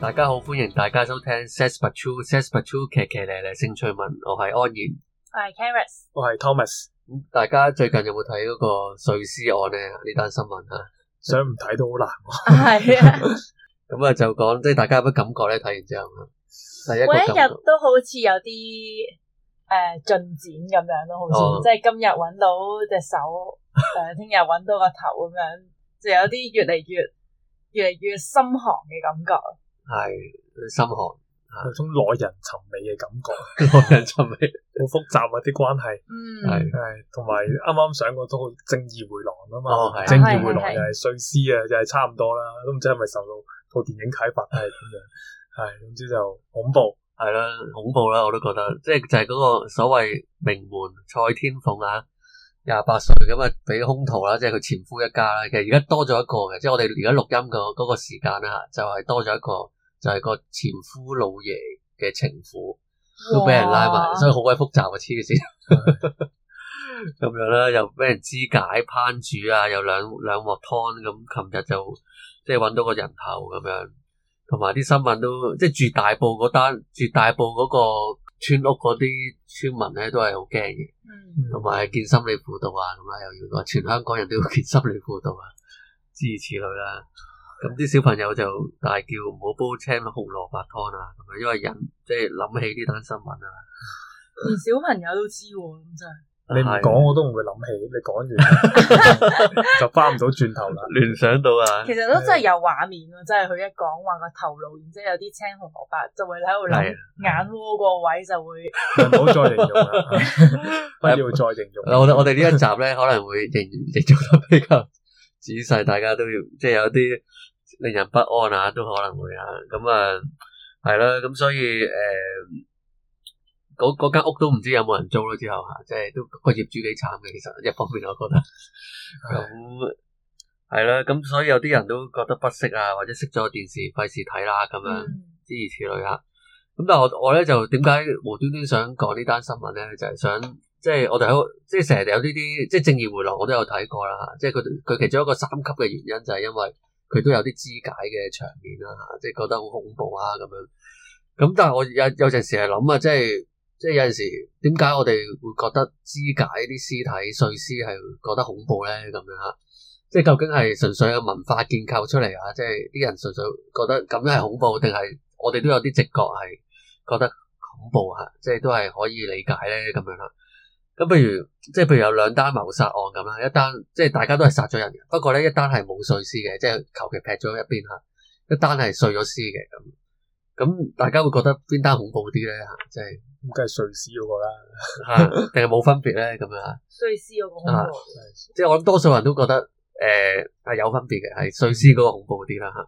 大家好，歡迎大家收聽《Sad But True》，《Sad But True》騎騎呢呢，新奇趣聞，我係安然，我係 Kris，我係 Thomas。咁大家最近有冇睇嗰個碎屍案咧？呢單新聞啊，想唔睇都好難、啊 的。係啊、 嗯，咁啊就講，即係大家有乜感覺咧？睇完之後，我一日都好似有啲誒進展咁樣咯，好似即係今日搵到隻手，聽日搵到個頭咁樣，就有啲越嚟越越嚟越心寒嘅感覺。係，心寒，有種耐人尋味嘅感覺，耐 人尋味，好 複雜啊啲關係，係係、嗯，同埋啱啱上個都正義回廊啊嘛，哦、啊正義回廊又係碎屍啊，就係、是、差唔多啦，都唔知係咪受到套電影啟發，係噉樣，係總之就恐怖，係啦、啊，啊、恐怖啦、啊，我都覺得，即係就係、是、嗰個所謂名門蔡天鳳啊，廿八歲咁啊俾兇徒啦、啊，即係佢前夫一家啦，其實而家多咗一個嘅，即、就、係、是、我哋而家錄音個嗰個時間啦，就係多咗一個。就係個前夫老爺嘅情婦都俾人拉埋，哇所以好鬼複雜啊！黐線咁樣啦，又俾人肢解烹煮啊，又兩兩鑊湯咁。琴日就即係搵到個人頭咁樣，同埋啲新聞都即係住大埔嗰單住大埔嗰個村屋嗰啲村民咧都係好驚嘅，同埋、嗯、見心理輔導啊，咁啊又要話全香港人都要見心理輔導啊，諸如此類啦。咁啲、嗯、小朋友就大叫唔好煲青紅蘿蔔湯啊，咁啊，因為人即係諗起呢單新聞啊，連小朋友都知喎，咁真係。你唔講我都唔會諗起，你講完 就翻唔到轉頭啦。聯想到啊，其實都真係有畫面咯，真係佢一講話個 是頭腦，然之後有啲青紅蘿蔔就會喺度對 眼窩個位就會。唔好再形容啦，不要再形容啦。我我哋呢一集咧可能會形容得比較仔細，大家都要即係、就是、有啲。就是令人不安啊，都可能會啊，咁啊係啦，咁、嗯、所以誒，嗰嗰間屋都唔知有冇人租啦。之後吓、啊，即係都個業主幾慘嘅，其實一方面我覺得，咁係啦，咁、嗯嗯、所以有啲人都覺得不適啊，或者熄咗電視，費事睇啦，咁樣之如此類啦。咁但係我我咧就點解無端端想講呢單新聞咧，就係、是、想即係我哋喺即係成日有呢啲即係正義迴廊，我都有睇過啦。即係佢佢其中一個三級嘅原因就係因為。佢都有啲肢解嘅場面啦，嚇，即係覺得好恐怖啊咁樣。咁但係我有有陣時係諗啊，即係即係有陣時點解我哋會覺得肢解啲屍體碎屍係覺得恐怖咧？咁樣嚇，即係究竟係純粹嘅文化建構出嚟啊？即係啲人純粹覺得咁樣係恐怖，定係我哋都有啲直覺係覺得恐怖嚇、啊？即係都係可以理解咧咁樣啦。咁譬如即係譬如有兩單謀殺案咁啦，一單即係大家都係殺咗人嘅，不過咧一單係冇碎屍嘅，即係求其劈咗一邊吓，一單係、就是、碎咗屍嘅咁。咁大家會覺得邊單恐怖啲咧吓？即係咁梗係碎屍嗰個啦，定係冇分別咧咁樣啊？碎屍嗰個恐怖啲，即係、啊就是、我諗多數人都覺得誒係、呃、有分別嘅，係碎屍嗰個恐怖啲啦吓。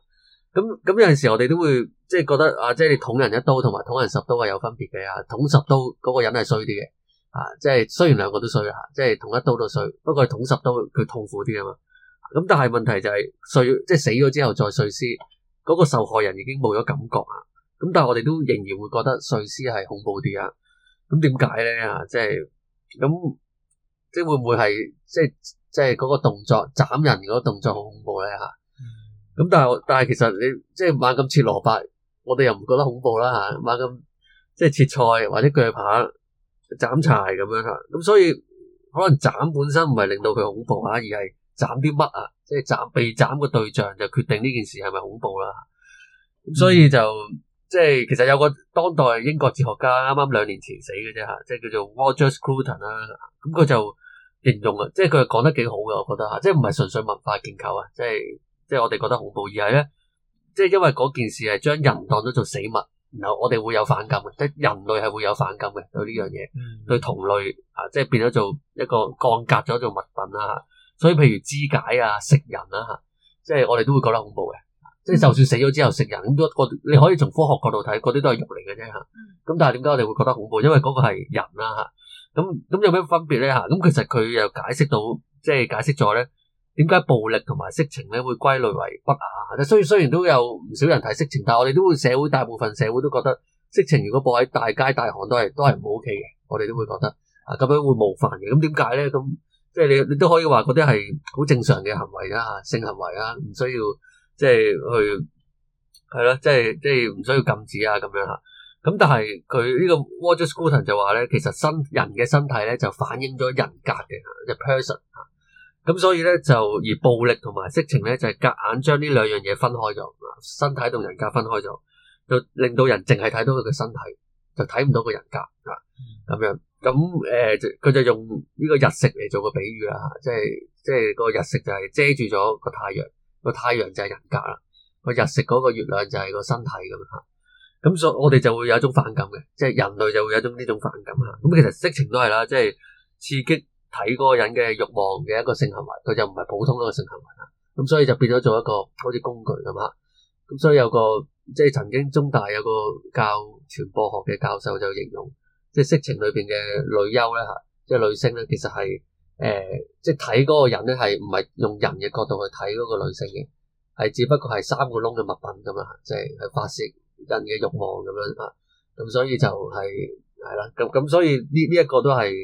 咁、啊、咁有陣時我哋都會即係覺得啊，即、就、係、是、你捅人一刀同埋捅人十刀係有分別嘅啊，捅十刀嗰個人係衰啲嘅。啊，即係雖然兩個都碎吓、啊，即係同一刀都碎，不過捅十刀佢痛苦啲啊嘛。咁但係問題就係、是、碎，即係死咗之後再碎屍，嗰、那個受害人已經冇咗感覺啊。咁但係我哋都仍然會覺得碎屍係恐怖啲啊。咁點解咧啊？即係咁，即係會唔會係即係即係嗰個動作斬人嗰個動作好恐怖咧吓？咁、啊啊、但係但係其實你即係猛咁切蘿蔔，我哋又唔覺得恐怖啦吓。猛、啊、咁即係切菜或者鋸扒。斬柴咁樣吓，咁所以可能斬本身唔係令到佢恐怖吓，而係斬啲乜啊？即係斬被斬嘅對象就決定呢件事係咪恐怖啦。嗯、所以就即係其實有個當代英國哲學家啱啱兩年前死嘅啫吓，即係叫做 Roger Scruton 啦、啊。咁佢就形容啊，即係佢講得幾好嘅，我覺得吓，即係唔係純粹文化建構啊，即係即係我哋覺得恐怖，而係咧，即係因為嗰件事係將人當咗做死物。然後我哋會有反感嘅，即係人類係會有反感嘅對呢樣嘢，嗯、對同類啊，即係變咗做一個降格咗做物品啦吓、啊。所以譬如肢解啊、食人啦、啊、吓、啊，即係我哋都會覺得恐怖嘅。即係就算死咗之後食人，咁都個你可以從科學角度睇，嗰啲都係肉嚟嘅啫吓。咁、啊、但係點解我哋會覺得恐怖？因為嗰個係人啦、啊、吓。咁、啊、咁有咩分別咧吓？咁、啊、其實佢又解釋到，即係解釋咗咧。點解暴力同埋色情咧會歸類為不雅？即係雖雖然都有唔少人睇色情，但係我哋都會社會大部分社會都覺得，色情如果播喺大街大巷都係都係唔 OK 嘅。我哋都會覺得啊，咁樣會冒犯嘅。咁點解咧？咁即係你你都可以話嗰啲係好正常嘅行為啦，性行為啦，唔需要即係去係咯，即係即係唔需要禁止啊咁樣吓。咁但係佢呢個 Roger Scruton 就話咧，其實身人嘅身體咧就反映咗人格嘅，即係 person 咁所以咧就而暴力同埋色情咧就係、是、夾硬將呢兩樣嘢分開咗，身體同人格分開咗，就令人到人淨係睇到佢嘅身體，就睇唔到個人格啊咁樣。咁誒，佢、呃、就，就用呢個日食嚟做個比喻啦，即係即係個日食就係遮住咗個太陽，個太陽就係人格啦，個日食嗰個月亮就係個身體咁樣吓。咁所以我哋就會有一種反感嘅，即係人類就會有一種呢種反感吓。咁其實色情都係啦，即係刺激。睇嗰個人嘅欲望嘅一個性行為，佢就唔係普通一個性行為啦。咁所以就變咗做一個好似工具咁嚇。咁所以有個即係曾經中大有個教傳播學嘅教授就形容，即係色情裏邊嘅女優咧嚇，即係女性咧，其實係誒、呃、即係睇嗰個人咧係唔係用人嘅角度去睇嗰個女性嘅，係只不過係三個窿嘅物品咁啊，即係去發泄人嘅欲望咁樣啊。咁所以就係、是。係啦，咁咁所以呢呢一個都係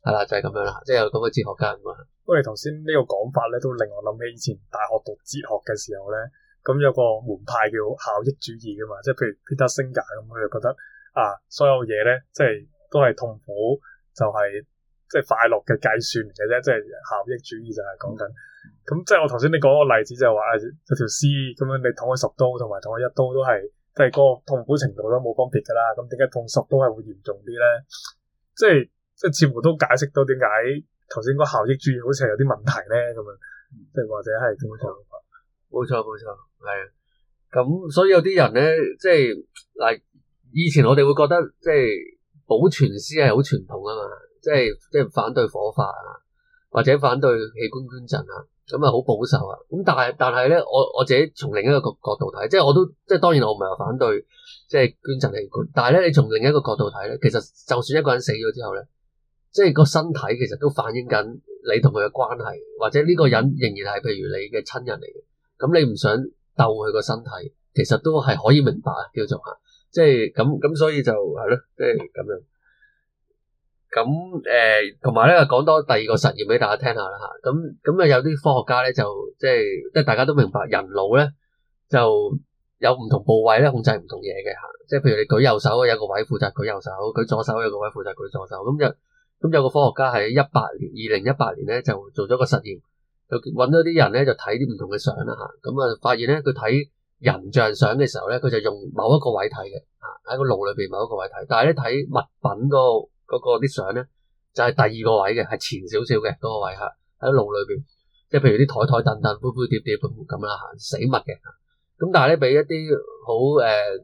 係啦，就係、是、咁樣啦，即、就、係、是、有咁嘅哲學家啊嘛。我哋頭先呢個講法咧，都令我諗起以前大學讀哲學嘅時候咧，咁有個門派叫效益主義噶嘛，即係譬如彼得·辛格咁，佢就覺得啊，所有嘢咧即係都係痛苦，就係即係快樂嘅計算嘅啫，即係效益主義就係講緊。咁、嗯、即係我頭先你講個例子就係話啊，條屍咁樣你捅佢十刀同埋捅佢一刀都係。第個痛苦程度都冇分別噶啦，咁點解痛十都係會嚴重啲咧？即係即係似乎都解釋到點解頭先個效益主義好似係有啲問題咧咁樣，即、就、係、是、或者係咁嘅情況。冇錯冇錯，係啊、嗯。咁所以有啲人咧，即係嗱，以前我哋會覺得即係保存師係好傳統啊嘛，即係即係反對火化啊，或者反對器官捐贈啊。咁啊，好保守啊！咁但係但係咧，我我自己從另一個角角度睇，即係我都即係當然我唔係話反對即係捐贈器官，但係咧你從另一個角度睇咧，其實就算一個人死咗之後咧，即係個身體其實都反映緊你同佢嘅關係，或者呢個人仍然係譬如你嘅親人嚟嘅，咁你唔想鬥佢個身體，其實都係可以明白啊，叫做吓，即係咁咁，所以就係咯，即係咁樣。咁誒，同埋咧，講多第二個實驗俾大家聽下啦嚇。咁咁啊，有啲科學家咧就即係即係大家都明白，人腦咧就有唔同部位咧控制唔同嘢嘅嚇。即係譬如你舉右手，有個位負責舉右手；舉左手有個位負責舉左手。咁就咁有個科學家喺一八年二零一八年咧就做咗個實驗，就揾到啲人咧就睇啲唔同嘅相啦嚇。咁啊，發現咧佢睇人像相嘅時候咧，佢就用某一個位睇嘅嚇，喺個腦裏邊某一個位睇。但係咧，睇物品嗰個。嗰個啲相咧，就係、是、第二個位嘅，係前少少嘅嗰個位嚇，喺路裏邊，即係譬如啲台台凳凳、灰灰碟碟咁啦嚇，死物嘅嚇。咁但係咧，俾一啲好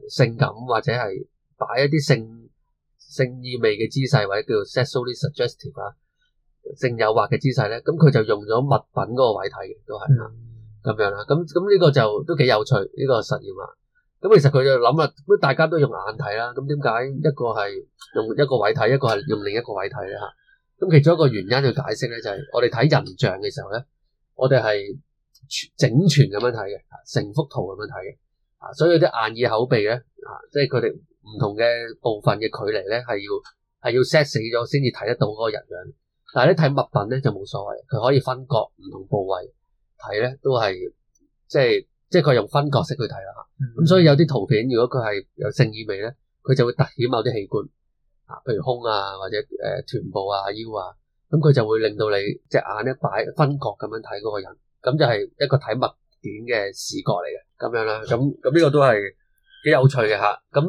誒性感或者係擺一啲性性意味嘅姿勢，或者叫做 sexually suggestive 啊，性誘惑嘅姿勢咧，咁佢就用咗物品嗰個位睇嘅，都係咁樣啦。咁咁呢個就都幾有趣呢、這個實驗啊！咁其實佢就諗啦，咁大家都用眼睇啦。咁點解一個係用一個位睇，一個係用另一個位睇咧？吓，咁其中一個原因去解釋咧，就係我哋睇人像嘅時候咧，我哋係整全咁樣睇嘅，成幅圖咁樣睇嘅。啊，所以有啲眼耳口鼻咧，啊，即係佢哋唔同嘅部分嘅距離咧，係要係要 set 死咗先至睇得到嗰個人樣。但係咧睇物品咧就冇所謂，佢可以分割唔同部位睇咧，都係即係。即係佢用分角色去睇啦嚇，咁、嗯嗯、所以有啲圖片，如果佢係有性意味咧，佢就會突顯某啲器官啊，譬如胸啊或者誒、呃、臀部啊、腰啊，咁、嗯、佢就會令到你隻眼一擺分角咁樣睇嗰個人，咁就係一個睇物件嘅視覺嚟嘅咁樣啦。咁咁呢個都係幾有趣嘅吓，咁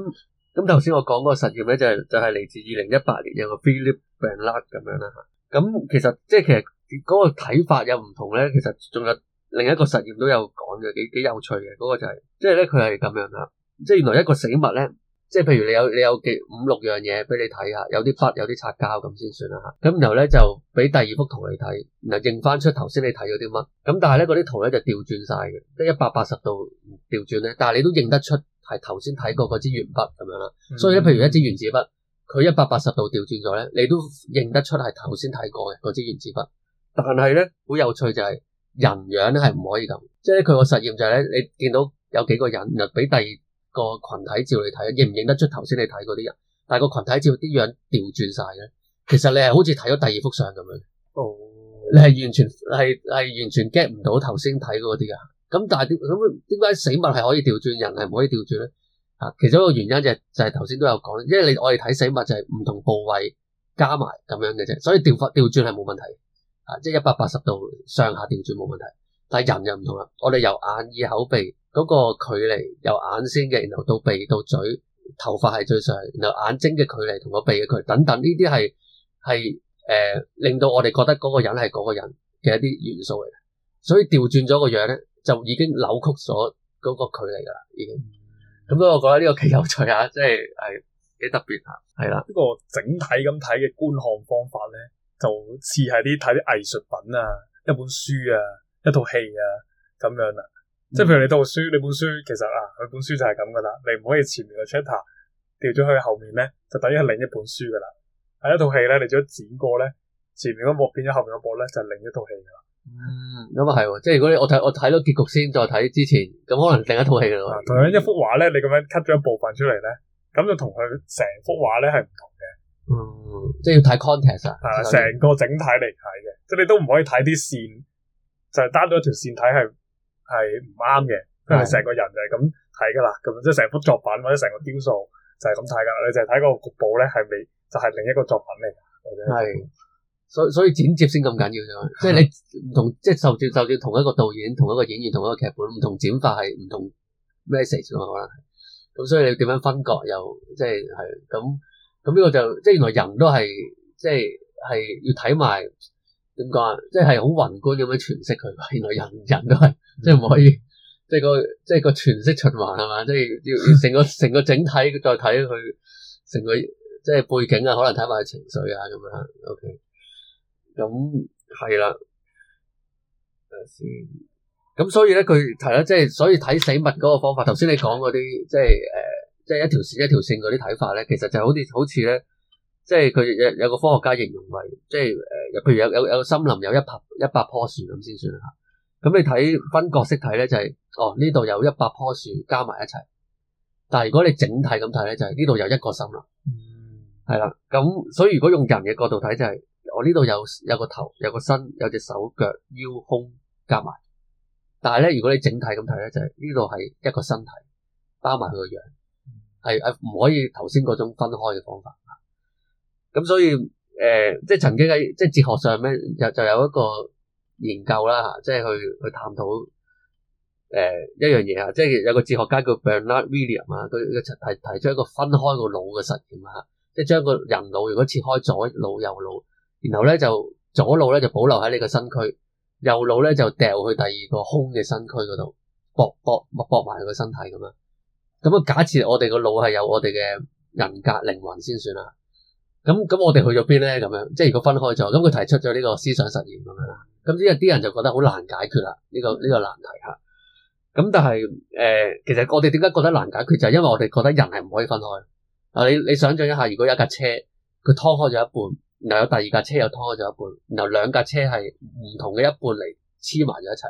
咁頭先我講嗰個實驗咧，就係、是、就係、是、嚟自二零一八年有個 Philip Bernard 咁樣啦嚇。咁其實即係其實嗰個睇法有唔同咧，其實仲有，有。另一個實驗都有講嘅，幾幾有趣嘅，嗰個就係，即係咧佢係咁樣啦，即係原來一個死物咧，即係譬如你有你有幾五六樣嘢俾你睇下，有啲筆有啲擦膠咁先算啦吓，咁然後咧就俾第二幅圖嚟睇，然後認翻出頭先你睇咗啲乜，咁但係咧嗰啲圖咧就調轉晒嘅，即一百八十度調轉咧，但係你都認得出係頭先睇過嗰支鉛筆咁樣啦，所以咧譬如一支原子筆，佢一百八十度調轉咗咧，你都認得出係頭先睇過嘅嗰支原子筆，但係咧好有趣就係。人樣咧係唔可以咁，即係佢個實驗就係咧，你見到有幾個人又俾第二個群體照你睇，認唔認得出頭先你睇嗰啲人？但係個群體照啲樣調轉晒嘅，其實你係好似睇咗第二幅相咁樣。哦，你係完全係係完全 get 唔到頭先睇嗰啲㗎。咁但係點咁點解死物係可以調轉，人係唔可以調轉咧？啊，其中一個原因就係、就係頭先都有講，因為你我哋睇死物就係唔同部位加埋咁樣嘅啫，所以調翻調轉係冇問題。即係一百八十度上下調轉冇問題，但係人又唔同啦。我哋由眼、耳、口、鼻嗰個距離，由眼先嘅，然後到鼻到嘴，頭髮係最上，然後眼睛嘅距離同個鼻嘅距離等等，呢啲係係誒令到我哋覺得嗰個人係嗰個人嘅一啲元素嚟。所以調轉咗個樣咧，就已經扭曲咗嗰個距離噶啦，已經。咁所以我覺得呢個幾有趣啊，即係係幾特別啊。係啦，呢個整體咁睇嘅觀看方法咧。就似係啲睇啲藝術品啊，一本書啊，一套戲啊咁樣啦。即係譬如你套書，嗯你書，你本書其實啊，佢本書就係咁噶啦。你唔可以前面嘅 chatter 掉咗去後面咧，就等於另一本書噶啦。係一套戲咧，你將剪過咧，前面嗰幕變咗後面嗰幕咧，就另一套戲噶啦。嗯，咁啊係，即係如果你我睇我睇到結局先再睇之前，咁可能另一套戲噶啦。同樣一幅畫咧，你咁樣 cut 咗一部分出嚟咧，咁就同佢成幅畫咧係唔同。嗯，即係要睇 context 啊，成個整體嚟睇嘅，即係你都唔可以睇啲線，就係、是、單咗一條線睇係係唔啱嘅，係成是個人就係咁睇噶啦，咁即係成幅作品或者成個雕塑就係咁睇噶啦，你就係睇個局部咧係咪就係、是、另一個作品嚟嘅，係是，所以所以剪接先咁緊要嘅，嗯，即係你唔同即係，就照就照同一個導演同一個演員同一個劇本，唔同剪法係唔同 message 咯，可能，咁所以你點樣分割又即係係咁。咁呢個就即係原來人都係即係係要睇埋點講啊，即係好宏觀咁樣詮釋佢。原來人人都係即係唔可以即係個即係個詮釋循環係嘛？即係要成個成個整體再睇佢成個即係背景啊，可能睇埋情緒啊咁樣。OK，咁係啦，等陣先。咁所以咧，佢睇咧，即係所以睇死物嗰個方法。頭先你講嗰啲，即係誒。即係一條線一條線嗰啲睇法咧，其實就好似好似咧，即係佢有有個科學家形容為，即係誒、呃，譬如有有有個森林有一百一百棵樹咁先算吓。咁你睇分角色睇咧，就係、是、哦呢度有一百棵樹加埋一齊。但係如果你整體咁睇咧，就係呢度有一個森林。嗯。係啦，咁所以如果用人嘅角度睇，就係我呢度有有個頭，有個身，有隻手腳腰胸加埋。但係咧，如果你整體咁睇咧，就係呢度係一個身體包埋佢個樣。係，係唔可以頭先嗰種分開嘅方法啊！咁所以，誒、呃，即係曾經喺即係哲學上咧，就就有一個研究啦，吓，即係去去探討誒、呃、一樣嘢啊！即係有個哲學家叫 Bernard Williams 啊，佢提提出一個分開個腦嘅實驗啊，即係將個人腦如果切開左腦右腦，然後咧就左腦咧就保留喺你個身軀，右腦咧就掉去第二個空嘅身軀嗰度搏搏搏埋個身體咁樣。咁啊！假設我哋個腦係有我哋嘅人格靈魂先算啦。咁咁，我哋去咗邊咧？咁樣即係如果分開咗，咁佢提出咗呢個思想實驗咁樣啦。咁啲人啲人就覺得好難解決啦，呢個呢個難題嚇。咁但係誒、呃，其實我哋點解覺得難解決，就係因為我哋覺得人係唔可以分開。你你想象一下，如果有一架車，佢拖開咗一半，然後有第二架車又拖開咗一半，然後兩架車係唔同嘅一半嚟黐埋咗一齊。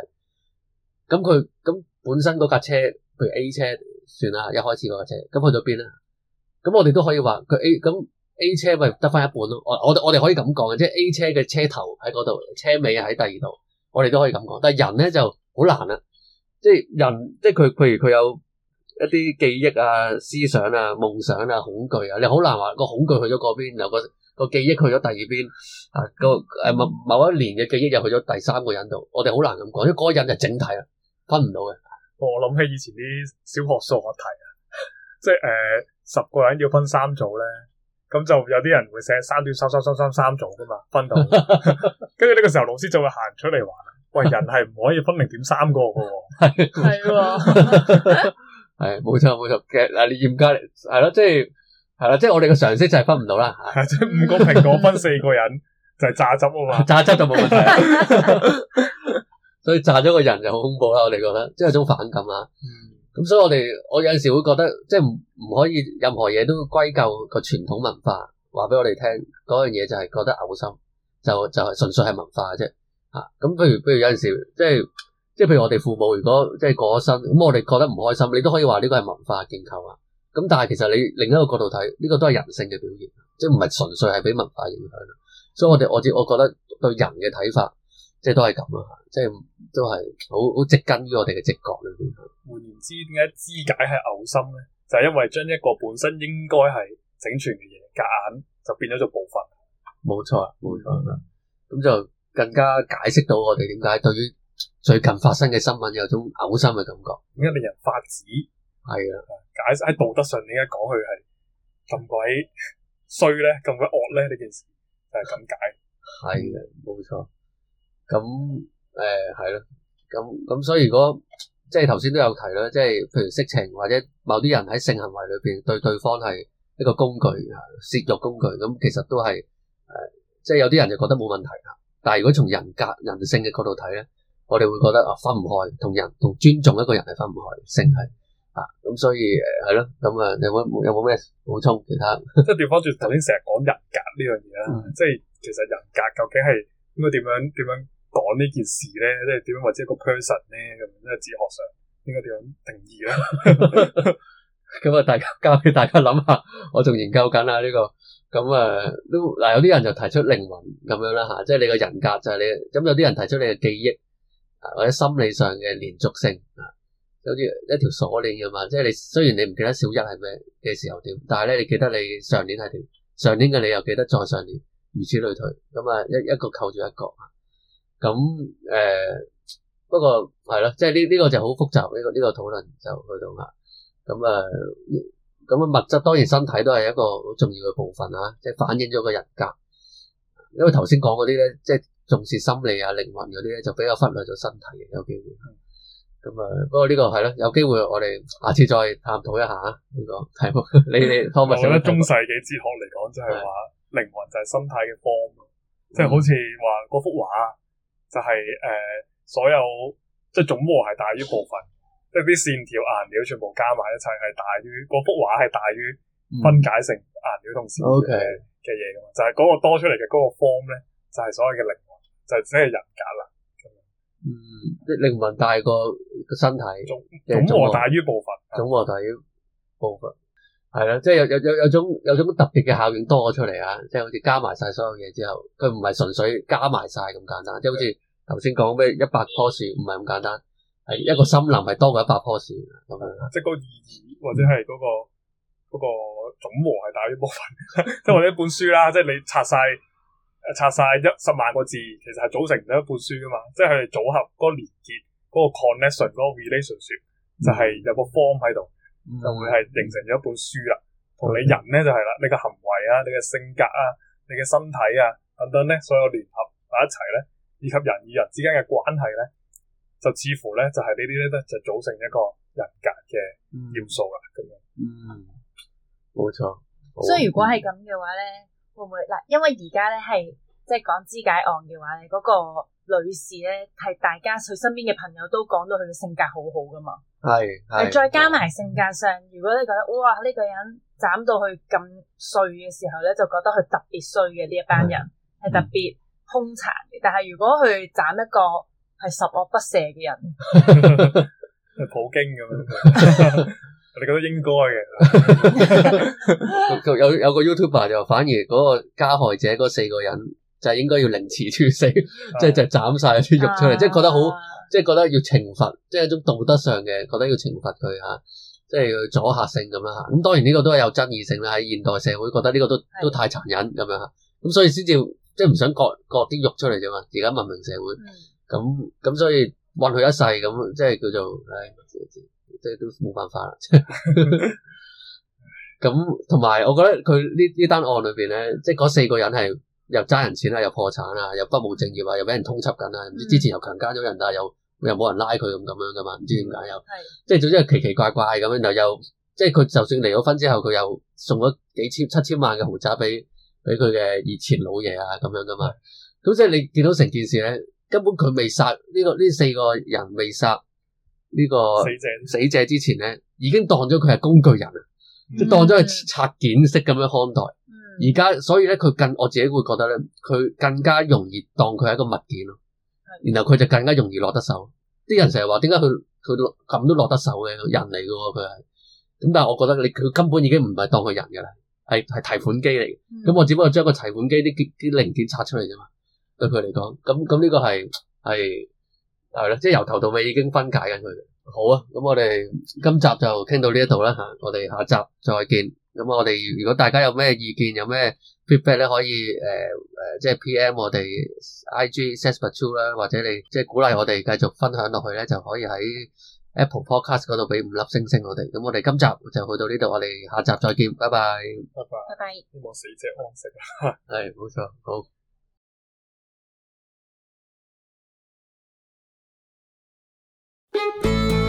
咁佢咁本身嗰架車，譬如 A 車。算啦，一開始嗰架車咁去咗邊啦？咁我哋都可以話佢 A 咁 A 車咪得翻一半咯。我我我哋可以咁講嘅，即係 A 車嘅車頭喺嗰度，車尾喺第二度，我哋都可以咁講。但係人咧就好難啦、啊，即係人即係佢譬如佢有一啲記憶啊、思想啊、夢想啊、恐懼啊，你好難話個恐懼去咗嗰邊，然、嗰、後個、嗰個記憶去咗第二邊啊、嗰個誒某某一年嘅記憶又去咗第三個人度，我哋好難咁講，因為嗰個人就整體啊，分唔到嘅。我諗起以前啲小學數學題啊，即係誒、呃，十個人要分三組咧，咁就有啲人會寫三點三、三、三、三、三組噶嘛，分到，跟住呢個時候老師就會行出嚟話，喂，人係唔可以分零點三個噶，係係，係冇錯冇錯嘅嗱，你嚴格係咯，即係係啦，即係我哋嘅常識就係分唔到啦，即係 五個蘋果分四個人 就係榨汁啊嘛，榨汁就冇問題。 所以炸咗個人就好恐怖啦，我哋覺得即係、就是、一種反感啦。咁、嗯、所以我哋我有陣時會覺得即係唔唔可以任何嘢都歸咎個傳統文化。話俾我哋聽嗰樣嘢就係覺得嘔心，就就係純粹係文化嘅啫。吓、啊、咁，譬如譬如有陣時即係即係譬如我哋父母如果即係過咗身，咁我哋覺得唔開心，你都可以話呢個係文化建構啊。咁但係其實你另一個角度睇，呢、這個都係人性嘅表現，即係唔係純粹係俾文化影響。所以我哋我只我覺得對人嘅睇法。即係都係咁啊，即係都係好好植根於我哋嘅直覺裏邊。換言之，點解肢解係嘔心咧？就係、是、因為將一個本身應該係整全嘅嘢，夾硬就變咗做部分。冇錯，冇錯。咁就更加解釋到我哋點解對於最近發生嘅新聞有種嘔心嘅感覺。點解令人發指？係啊的，解釋喺道德上點解講佢係咁鬼衰咧？咁鬼惡咧？呢件事就係咁解？係啊，冇錯。咁誒係咯，咁咁、欸、所以如果即係頭先都有提啦，即係譬如色情或者某啲人喺性行為裏邊對對方係一個工具啊，泄欲工具，咁其實都係誒、呃，即係有啲人就覺得冇問題，但係如果從人格人性嘅角度睇咧，我哋會覺得啊分唔開，同人同尊重一個人係分唔開，性係啊，咁所以係咯，咁啊 Yeah.、嗯呃、有冇有冇咩補充其他？即係調翻轉頭先成日講人格呢樣嘢啦，即係其實人格究竟係應該點樣點樣？講呢件事咧，即係點樣或者一個 person 咧咁，即係哲學上應該點樣定義啦？咁 啊， 大家交俾大家諗下，我仲研究緊啊呢、這個，咁、嗯、啊都嗱，有啲人就提出靈魂咁樣啦吓、啊，即係你個人格就係你，咁、嗯、有啲人提出你嘅記憶、啊、或者心理上嘅連續性啊，好、就、似、是、一條鎖鏈咁嘛、啊。即係你雖然你唔記得小一係咩嘅時候點，但係咧你記得你上年係點，上年嘅你又記得再上年，如此類推，咁啊一一個扣住一個。咁誒、呃，不過係咯，即係呢，呢個就好複雜，呢、這個呢、這個討論就去到啦。咁、嗯、啊，咁、嗯、啊、嗯、物質當然身體都係一個好重要嘅部分啊，即係反映咗個人格。因為頭先講嗰啲咧，即係重視心理啊、靈魂嗰啲咧，就比較忽略咗身體嘅有機會。咁、嗯、啊、嗯，不過呢、這個係咯、嗯，有機會我哋下次再探討一下呢個題目。你哋，你我覺得中世紀哲學嚟講，就係話靈魂就係身體嘅 form 即係好似話嗰幅畫。就係、是、誒、呃，所有即係、就是、總和係大於部分，即係啲線條、顏料全部加埋一齊係大於嗰幅畫係大於分解成顏料同線條，OK，嘅嘢噶嘛？嗯、就係嗰個多出嚟嘅嗰個 form 咧，就係所謂嘅靈魂，就即、是、係人格啦。嗯，即係靈魂大過個身體，總，總，和總和大於部分，總和大於部分，係啦、嗯，即係、就是、有有有有種有種特別嘅效應多咗出嚟啊！即、就、係、是、好似加埋晒所有嘢之後，佢唔係純粹加埋晒咁簡單，即、就、係、是、好似。頭先講咩一百棵樹唔係咁簡單，係一個森林係多過一百棵樹咁樣，即係個意義或者係嗰、那個嗰、嗯那個、嗯、總和係大於部分。即係或者一本書啦，即係你拆晒拆晒一十萬個字，其實係組成咗一本書噶嘛。即係佢哋組合嗰個連結、嗰、那個 connection、嗰個 relation，就係、是、有個 form 喺度，嗯嗯、就會係形成咗一本書啦。同你人咧就係啦、嗯，你嘅行為啊、你嘅性格啊、你嘅身體啊等等咧，所有聯合喺一齊咧。以及人與人之間嘅關係咧，就似乎咧就係呢啲咧就係、組成一個人格嘅要素啦，咁、嗯、樣。嗯，冇錯。所以好如果係咁嘅話咧，會唔會嗱？因為而家咧係即係講肢解案嘅話咧，嗰、嗰個女士咧係大家佢身邊嘅朋友都講到佢嘅性格好好㗎嘛。係。誒，再加埋性格上，是如果你覺得是哇呢、呢個人斬到佢咁衰嘅時候咧，就覺得佢特別衰嘅呢一班人係特別。是兇殘嘅，但係如果佢斬一個係十惡不赦嘅人， 普京咁樣，我哋覺得應該嘅？有有個 YouTuber 就反而嗰個加害者嗰四個人就應該要凌遲處死，即 係就斬晒啲肉出嚟，uh, uh, 即係覺得好，uh, 即係覺得要懲罰，即係一種道德上嘅，覺得要懲罰佢吓，即係要阻下性阻吓性咁樣吓。咁當然呢個都係有爭議性啦，喺現代社會覺得呢個都都太殘忍咁樣吓，咁所以先至。即係唔想割割啲肉出嚟啫嘛，而家文明社會，咁咁、嗯嗯嗯、所以混佢一世咁，即係叫做唉、哎，即係都冇辦法啦。咁同埋，我覺得佢呢呢單案裏邊咧，即係嗰四個人係又揸人錢啦、啊，又破產啦、啊，又不務正業啊，又俾人通緝緊啊，唔知、嗯、之前又強奸咗人，但又又冇人拉佢咁咁樣噶嘛，唔知點解又，嗯嗯、即係總之係奇奇怪怪咁樣，又又即係佢就算離咗婚之後，佢又送咗幾千七千萬嘅豪宅俾。俾佢嘅熱切老嘢啊，咁樣噶嘛，咁即係你見到成件事咧，根本佢未殺呢、這個呢四個人未殺呢、這個死者死者之前咧，已經當咗佢係工具人啊，即、嗯、當咗佢拆件式咁樣看待。而家，嗯、所以咧，佢更我自己會覺得咧，佢更加容易當佢係一個物件咯。然後佢就更加容易落得手。啲、嗯、人成日話點解佢佢咁都落得手嘅人嚟噶喎佢係，咁但係我覺得你佢根本已經唔係當佢人嘅啦。係係提款機嚟嘅，咁、嗯、我只不過將個提款機啲啲零件拆出嚟啫嘛，對佢嚟講，咁咁呢個係係係啦，即係由頭到尾已經分解緊佢。好啊，咁我哋今集就傾到呢一度啦吓，我哋下集再見。咁我哋如果大家有咩意見，有咩 feedback 咧，可以誒誒、呃呃，即係 PM 我哋 IG SaaS for Two 啦，或者你即係鼓勵我哋繼續分享落去咧，就可以喺。Apple Podcast 嗰度俾五粒星星我哋，咁我哋今集就去到呢度，我哋下集再見，拜拜，拜拜，拜拜，希望死者安息。啊，係冇錯，好。